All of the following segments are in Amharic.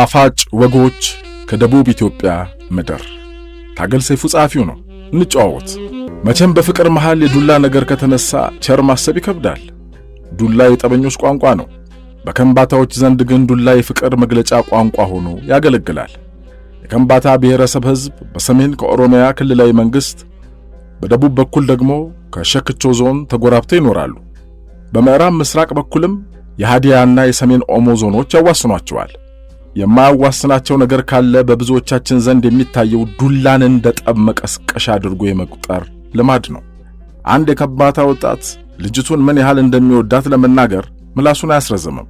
ጣፋጭ ወጎች ከደቡብ ኢትዮጵያ ምድር ታገል ሰይፉ ጸሐፊው ነው። እንጨዋወት። መቼም በፍቅር መሃል የዱላ ነገር ከተነሳ ቸር ማሰብ ይከብዳል። ዱላ የጠበኞች ቋንቋ ነው። በከንባታዎች ዘንድ ግን ዱላ የፍቅር መግለጫ ቋንቋ ሆኖ ያገለግላል። የከምባታ ብሔረሰብ ሕዝብ በሰሜን ከኦሮሚያ ክልላዊ መንግሥት፣ በደቡብ በኩል ደግሞ ከሸክቾ ዞን ተጎራብተው ይኖራሉ። በምዕራብ ምስራቅ በኩልም የሃዲያና የሰሜን ኦሞ ዞኖች ያዋስኗቸዋል። የማያዋስናቸው ነገር ካለ በብዙዎቻችን ዘንድ የሚታየው ዱላን እንደ ጠብ መቀስቀሻ አድርጎ የመቁጠር ልማድ ነው። አንድ የከባታ ወጣት ልጅቱን ምን ያህል እንደሚወዳት ለመናገር ምላሱን አያስረዘምም።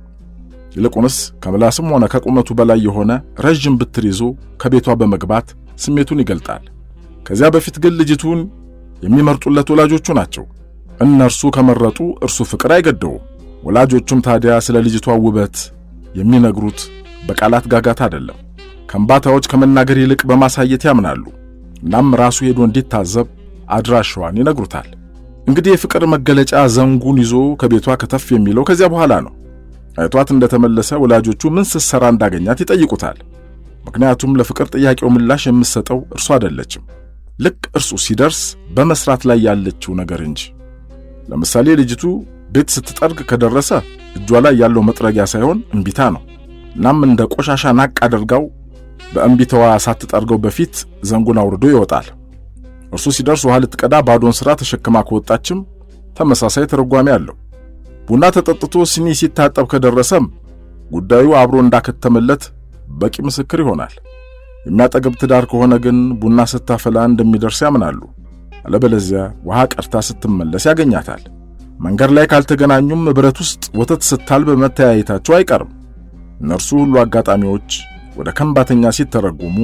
ይልቁንስ ከምላስም ሆነ ከቁመቱ በላይ የሆነ ረዥም ብትር ይዞ ከቤቷ በመግባት ስሜቱን ይገልጣል። ከዚያ በፊት ግን ልጅቱን የሚመርጡለት ወላጆቹ ናቸው። እነርሱ ከመረጡ እርሱ ፍቅር አይገደውም። ወላጆቹም ታዲያ ስለ ልጅቷ ውበት የሚነግሩት በቃላት ጋጋታ አይደለም። ከምባታዎች ከመናገር ይልቅ በማሳየት ያምናሉ። እናም ራሱ ሄዶ እንዲታዘብ አድራሻዋን ይነግሩታል። እንግዲህ የፍቅር መገለጫ ዘንጉን ይዞ ከቤቷ ከተፍ የሚለው ከዚያ በኋላ ነው። አይቷት እንደተመለሰ ወላጆቹ ምን ስትሰራ እንዳገኛት ይጠይቁታል። ምክንያቱም ለፍቅር ጥያቄው ምላሽ የምትሰጠው እርሱ አይደለችም፣ ልክ እርሱ ሲደርስ በመስራት ላይ ያለችው ነገር እንጂ። ለምሳሌ ልጅቱ ቤት ስትጠርግ ከደረሰ እጇ ላይ ያለው መጥረጊያ ሳይሆን እምቢታ ነው። እናም እንደ ቆሻሻ ናቅ አድርገው በእምቢተዋ ሳትጠርገው በፊት ዘንጉን አውርዶ ይወጣል። እርሱ ሲደርስ ውሃ ልትቀዳ ባዶን ስራ ተሸክማ ከወጣችም ተመሳሳይ ትርጓሜ አለው። ቡና ተጠጥቶ ሲኒ ሲታጠብ ከደረሰም ጉዳዩ አብሮ እንዳከተመለት በቂ ምስክር ይሆናል። የሚያጠግብ ትዳር ከሆነ ግን ቡና ስታፈላ እንደሚደርስ ያምናሉ። አለበለዚያ ውሃ ቀድታ ስትመለስ ያገኛታል። መንገድ ላይ ካልተገናኙም ብረት ውስጥ ወተት ስታልብ መተያየታቸው አይቀርም። እነርሱ ሁሉ አጋጣሚዎች ወደ ከንባተኛ ሲተረጎሙ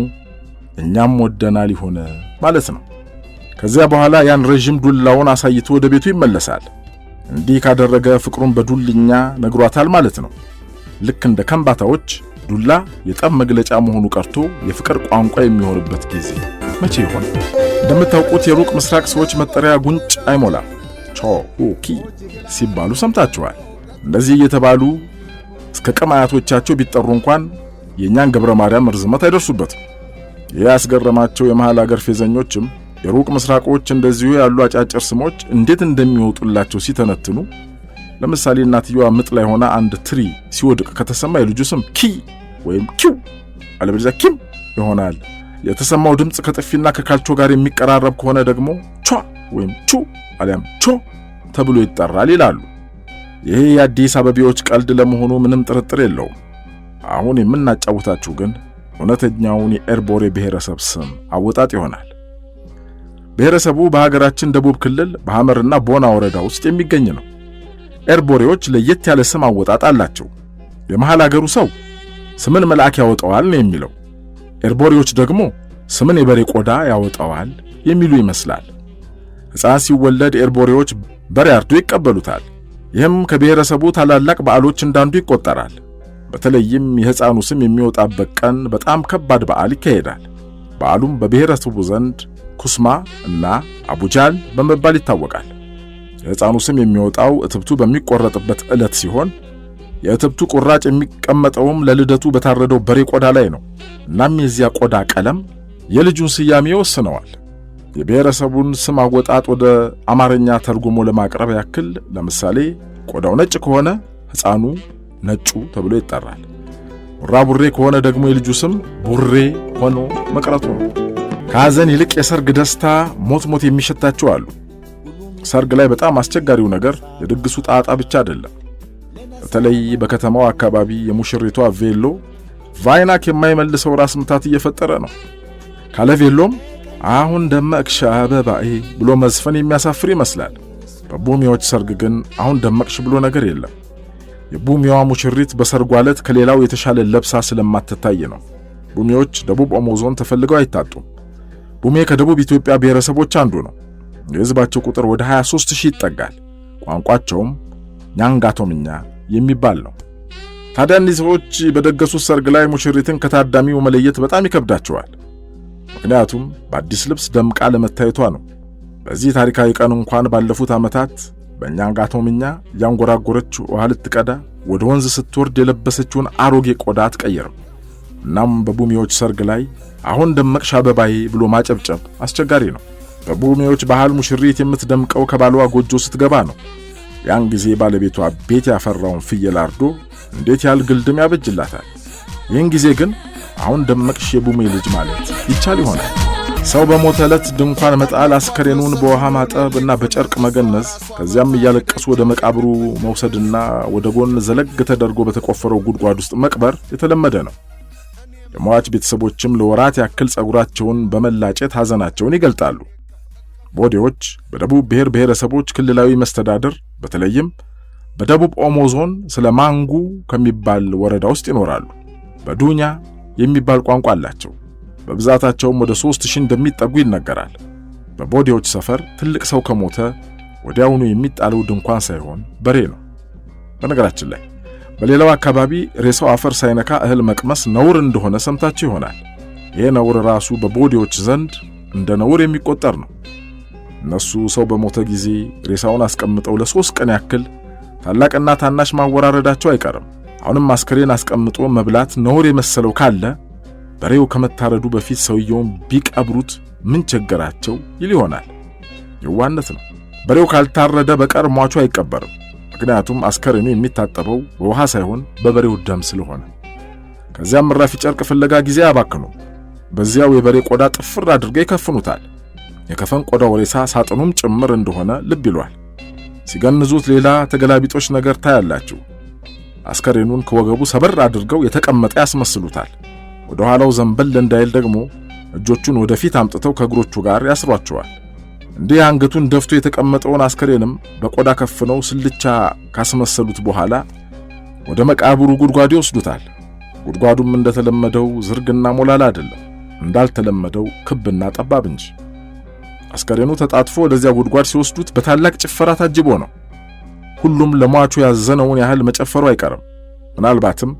እኛም ወደናል ሆነ ማለት ነው። ከዚያ በኋላ ያን ረዥም ዱላውን አሳይቶ ወደ ቤቱ ይመለሳል። እንዲህ ካደረገ ፍቅሩን በዱልኛ ነግሯታል ማለት ነው። ልክ እንደ ከንባታዎች ዱላ የጠብ መግለጫ መሆኑ ቀርቶ የፍቅር ቋንቋ የሚሆንበት ጊዜ መቼ ይሆን? እንደምታውቁት የሩቅ ምስራቅ ሰዎች መጠሪያ ጉንጭ አይሞላም። ቾኪ ሲባሉ ሰምታችኋል። እንደዚህ እየተባሉ እስከ ቀማያቶቻቸው ቢጠሩ እንኳን የእኛን ገብረ ማርያም ርዝመት አይደርሱበትም። ይህ ያስገረማቸው የመሃል አገር ፌዘኞችም የሩቅ ምስራቆች እንደዚሁ ያሉ አጫጭር ስሞች እንዴት እንደሚወጡላቸው ሲተነትኑ፣ ለምሳሌ እናትየዋ ምጥ ላይ ሆና አንድ ትሪ ሲወድቅ ከተሰማ የልጁ ስም ኪ ወይም ኪው አለበለዚያ ኪም ይሆናል። የተሰማው ድምፅ ከጥፊና ከካልቾ ጋር የሚቀራረብ ከሆነ ደግሞ ቿ ወይም ቹ አሊያም ቾ ተብሎ ይጠራል ይላሉ። ይህ የአዲስ አበቤዎች ቀልድ ለመሆኑ ምንም ጥርጥር የለውም። አሁን የምናጫውታችሁ ግን እውነተኛውን የኤርቦሬ ብሔረሰብ ስም አወጣጥ ይሆናል። ብሔረሰቡ በሀገራችን ደቡብ ክልል በሐመርና ቦና ወረዳ ውስጥ የሚገኝ ነው። ኤርቦሬዎች ለየት ያለ ስም አወጣጥ አላቸው። የመሃል አገሩ ሰው ስምን መልአክ ያወጣዋል ነው የሚለው። ኤርቦሬዎች ደግሞ ስምን የበሬ ቆዳ ያወጣዋል የሚሉ ይመስላል። ሕፃን ሲወለድ ኤርቦሬዎች በሬ አርዶ ይቀበሉታል። ይህም ከብሔረሰቡ ታላላቅ በዓሎች እንዳንዱ ይቆጠራል። በተለይም የሕፃኑ ስም የሚወጣበት ቀን በጣም ከባድ በዓል ይካሄዳል። በዓሉም በብሔረሰቡ ዘንድ ኩስማ እና አቡጃል በመባል ይታወቃል። የሕፃኑ ስም የሚወጣው እትብቱ በሚቆረጥበት ዕለት ሲሆን የእትብቱ ቁራጭ የሚቀመጠውም ለልደቱ በታረደው በሬ ቆዳ ላይ ነው። እናም የዚያ ቆዳ ቀለም የልጁን ስያሜ ይወስነዋል። የብሔረሰቡን ስም አወጣጥ ወደ አማርኛ ተርጉሞ ለማቅረብ ያክል ለምሳሌ ቆዳው ነጭ ከሆነ ሕፃኑ ነጩ ተብሎ ይጠራል። ቡራ ቡሬ ከሆነ ደግሞ የልጁ ስም ቡሬ ሆኖ መቅረቱ ነው። ከሐዘን ይልቅ የሰርግ ደስታ ሞት ሞት የሚሸታቸው አሉ። ሰርግ ላይ በጣም አስቸጋሪው ነገር የድግሱ ጣጣ ብቻ አይደለም። በተለይ በከተማው አካባቢ የሙሽሪቷ ቬሎ ቫይናክ የማይመልሰው ራስ ምታት እየፈጠረ ነው። ካለ ቬሎም አሁን ደመቅሽ አበባዬ ብሎ መዝፈን የሚያሳፍር ይመስላል። በቡሚዎች ሰርግ ግን አሁን ደመቅሽ ብሎ ነገር የለም። የቡሚዋ ሙሽሪት በሰርጓ ዕለት ከሌላው የተሻለ ለብሳ ስለማትታይ ነው። ቡሚዎች ደቡብ ኦሞ ዞን ተፈልገው አይታጡም። ቡሜ ከደቡብ ኢትዮጵያ ብሔረሰቦች አንዱ ነው። የሕዝባቸው ቁጥር ወደ 23 ሺህ ይጠጋል። ቋንቋቸውም ኛንጋቶምኛ የሚባል ነው። ታዲያ እነዚህ ሰዎች በደገሱት ሰርግ ላይ ሙሽሪትን ከታዳሚው መለየት በጣም ይከብዳቸዋል። ምክንያቱም በአዲስ ልብስ ደምቃ ለመታየቷ ነው። በዚህ ታሪካዊ ቀን እንኳን ባለፉት ዓመታት በእኛንጋቶ ምኛ ያንጎራጎረች ውሃ ልትቀዳ ወደ ወንዝ ስትወርድ የለበሰችውን አሮጌ ቆዳ አትቀየርም። እናም በቡሚዎች ሰርግ ላይ አሁን ደመቅሽ አበባዬ ብሎ ማጨብጨብ አስቸጋሪ ነው። በቡሚዎች ባህል ሙሽሪት የምትደምቀው ከባሏ ጎጆ ስትገባ ነው። ያን ጊዜ ባለቤቷ ቤት ያፈራውን ፍየል አርዶ እንዴት ያል ግልድም ያበጅላታል። ይህን ጊዜ ግን አሁን ደመቅሽ የቡሜ ልጅ ማለት ይቻል ይሆናል? ሰው በሞተ ዕለት ድንኳን መጣል፣ አስከሬኑን በውሃ ማጠብ እና በጨርቅ መገነዝ፣ ከዚያም እያለቀሱ ወደ መቃብሩ መውሰድና ወደ ጎን ዘለግ ተደርጎ በተቆፈረው ጉድጓድ ውስጥ መቅበር የተለመደ ነው። የሟች ቤተሰቦችም ለወራት ያክል ጸጉራቸውን በመላጨት ሐዘናቸውን ይገልጣሉ። ቦዴዎች በደቡብ ብሔር ብሔረሰቦች ክልላዊ መስተዳድር በተለይም በደቡብ ኦሞ ዞን ስለ ማንጉ ከሚባል ወረዳ ውስጥ ይኖራሉ። በዱኛ የሚባል ቋንቋ አላቸው። በብዛታቸውም ወደ ሦስት ሺህ እንደሚጠጉ ይነገራል። በቦዲዎች ሰፈር ትልቅ ሰው ከሞተ ወዲያውኑ የሚጣለው ድንኳን ሳይሆን በሬ ነው። በነገራችን ላይ በሌላው አካባቢ ሬሳው አፈር ሳይነካ እህል መቅመስ ነውር እንደሆነ ሰምታችሁ ይሆናል። ይሄ ነውር ራሱ በቦዲዎች ዘንድ እንደ ነውር የሚቆጠር ነው። እነሱ ሰው በሞተ ጊዜ ሬሳውን አስቀምጠው ለሶስት ቀን ያክል ታላቅና ታናሽ ማወራረዳቸው አይቀርም። አሁንም አስከሬን አስቀምጦ መብላት ነውር የመሰለው ካለ በሬው ከመታረዱ በፊት ሰውየውን ቢቀብሩት ምን ቸገራቸው ይል ይሆናል። የዋነት ነው። በሬው ካልታረደ በቀር ሟቹ አይቀበርም። ምክንያቱም አስከሬኑ የሚታጠበው በውሃ ሳይሆን በበሬው ደም ስለሆነ፣ ከዚያም እራፊ ጨርቅ ፍለጋ ጊዜ አባክኑ። በዚያው የበሬ ቆዳ ጥፍር አድርገው ይከፍኑታል። የከፈን ቆዳው ሬሳ ሳጥኑም ጭምር እንደሆነ ልብ ይሏል። ሲገንዙት ሌላ ተገላቢጦች ነገር ታያላችሁ። አስከሬኑን ከወገቡ ሰበር አድርገው የተቀመጠ ያስመስሉታል። ወደ ኋላው ዘንበል እንዳይል ደግሞ እጆቹን ወደፊት አምጥተው ከእግሮቹ ጋር ያስሯቸዋል። እንዲህ አንገቱን ደፍቶ የተቀመጠውን አስከሬንም በቆዳ ከፍነው ስልቻ ካስመሰሉት በኋላ ወደ መቃብሩ ጉድጓድ ይወስዱታል። ጉድጓዱም እንደተለመደው ዝርግና ሞላላ አይደለም፣ እንዳልተለመደው ክብና ጠባብ እንጂ። አስከሬኑ ተጣጥፎ ወደዚያ ጉድጓድ ሲወስዱት በታላቅ ጭፈራ ታጅቦ ነው። ሁሉም ለሟቹ ያዘነውን ያህል መጨፈሩ አይቀርም። ምናልባትም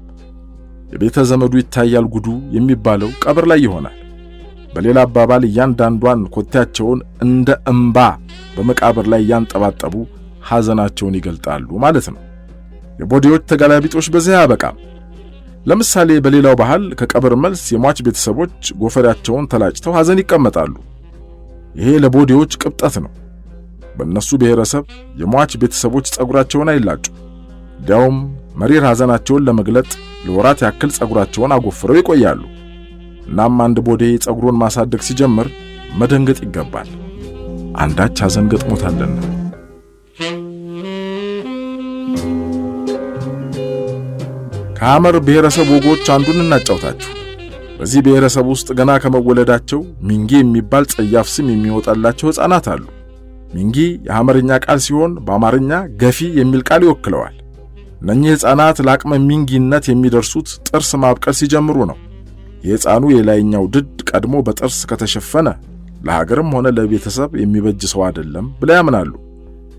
የቤተ ዘመዱ ይታያል ጉዱ የሚባለው ቀብር ላይ ይሆናል። በሌላ አባባል እያንዳንዷን ኮቴያቸውን እንደ እምባ በመቃብር ላይ እያንጠባጠቡ ሐዘናቸውን ይገልጣሉ ማለት ነው። የቦዲዎች ተገላቢጦች በዚህ አያበቃም። ለምሳሌ በሌላው ባህል ከቀብር መልስ የሟች ቤተሰቦች ጎፈሪያቸውን ተላጭተው ሐዘን ይቀመጣሉ። ይሄ ለቦዲዎች ቅብጠት ነው። በእነሱ ብሔረሰብ የሟች ቤተሰቦች ጸጉራቸውን አይላጩ። እንዲያውም መሪር ሐዘናቸውን ለመግለጥ ለወራት ያክል ጸጉራቸውን አጎፍረው ይቆያሉ። እናም አንድ ቦዴ ጸጉሩን ማሳደግ ሲጀምር መደንገጥ ይገባል። አንዳች ሐዘን ገጥሞታልና ከሐመር ብሔረሰብ ወጎች አንዱን እናጫውታችሁ። በዚህ ብሔረሰብ ውስጥ ገና ከመወለዳቸው ሚንጌ የሚባል ጸያፍ ስም የሚወጣላቸው ሕፃናት አሉ። ሚንጊ የሐመርኛ ቃል ሲሆን በአማርኛ ገፊ የሚል ቃል ይወክለዋል። እነኚህ ሕፃናት ለአቅመ ሚንጊነት የሚደርሱት ጥርስ ማብቀል ሲጀምሩ ነው። የሕፃኑ የላይኛው ድድ ቀድሞ በጥርስ ከተሸፈነ ለሀገርም ሆነ ለቤተሰብ የሚበጅ ሰው አይደለም ብለው ያምናሉ።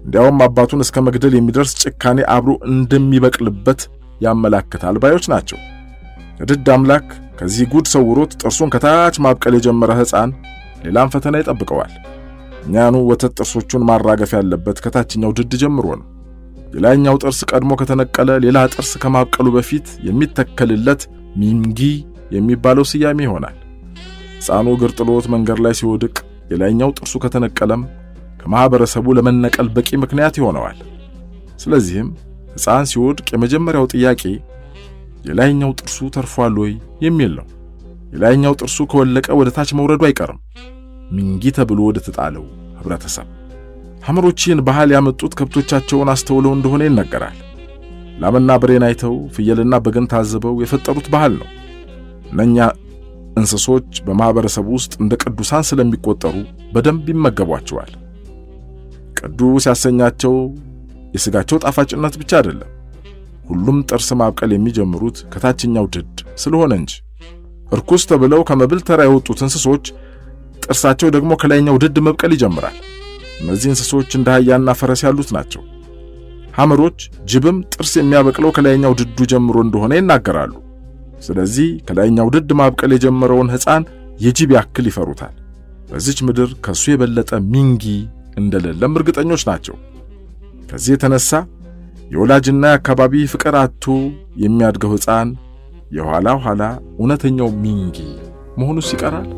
እንዲያውም አባቱን እስከ መግደል የሚደርስ ጭካኔ አብሮ እንደሚበቅልበት ያመላክታል ባዮች ናቸው። ድድ አምላክ ከዚህ ጉድ ሰውሮት ጥርሱን ከታች ማብቀል የጀመረ ሕፃን ሌላም ፈተና ይጠብቀዋል። ኒያኑ ወተት ጥርሶቹን ማራገፍ ያለበት ከታችኛው ድድ ጀምሮ ነው። የላይኛው ጥርስ ቀድሞ ከተነቀለ ሌላ ጥርስ ከማብቀሉ በፊት የሚተከልለት ሚንጊ የሚባለው ስያሜ ይሆናል። ሕፃኑ እግር ጥሎት መንገድ ላይ ሲወድቅ የላይኛው ጥርሱ ከተነቀለም ከማኅበረሰቡ ለመነቀል በቂ ምክንያት ይሆነዋል። ስለዚህም ሕፃን ሲወድቅ የመጀመሪያው ጥያቄ የላይኛው ጥርሱ ተርፏል ወይ የሚል ነው። የላይኛው ጥርሱ ከወለቀ ወደ ታች መውረዱ አይቀርም። ሚንጊ ተብሎ ወደ ተጣለው ህብረተሰብ ሐምሮችን ባህል ያመጡት ከብቶቻቸውን አስተውለው እንደሆነ ይነገራል። ላምና በሬን አይተው ፍየልና በግን ታዝበው የፈጠሩት ባህል ነው። እነኛ እንስሶች በማኅበረሰቡ ውስጥ እንደ ቅዱሳን ስለሚቆጠሩ በደንብ ይመገቧቸዋል። ቅዱስ ያሰኛቸው የሥጋቸው ጣፋጭነት ብቻ አይደለም። ሁሉም ጥርስ ማብቀል የሚጀምሩት ከታችኛው ድድ ስለሆነ እንጂ። እርኩስ ተብለው ከመብል ተራ የወጡት እንስሶች ጥርሳቸው ደግሞ ከላይኛው ድድ መብቀል ይጀምራል። እነዚህ እንስሶች እንደ አህያና ፈረስ ያሉት ናቸው። ሐመሮች ጅብም ጥርስ የሚያበቅለው ከላይኛው ድዱ ጀምሮ እንደሆነ ይናገራሉ። ስለዚህ ከላይኛው ድድ ማብቀል የጀመረውን ሕፃን የጅብ ያክል ይፈሩታል። በዚች ምድር ከሱ የበለጠ ሚንጊ እንደሌለም እርግጠኞች ናቸው። ከዚህ የተነሳ የወላጅና የአካባቢ ፍቅር አጥቶ የሚያድገው ሕፃን የኋላ ኋላ እውነተኛው ሚንጊ መሆኑስ ይቀራል?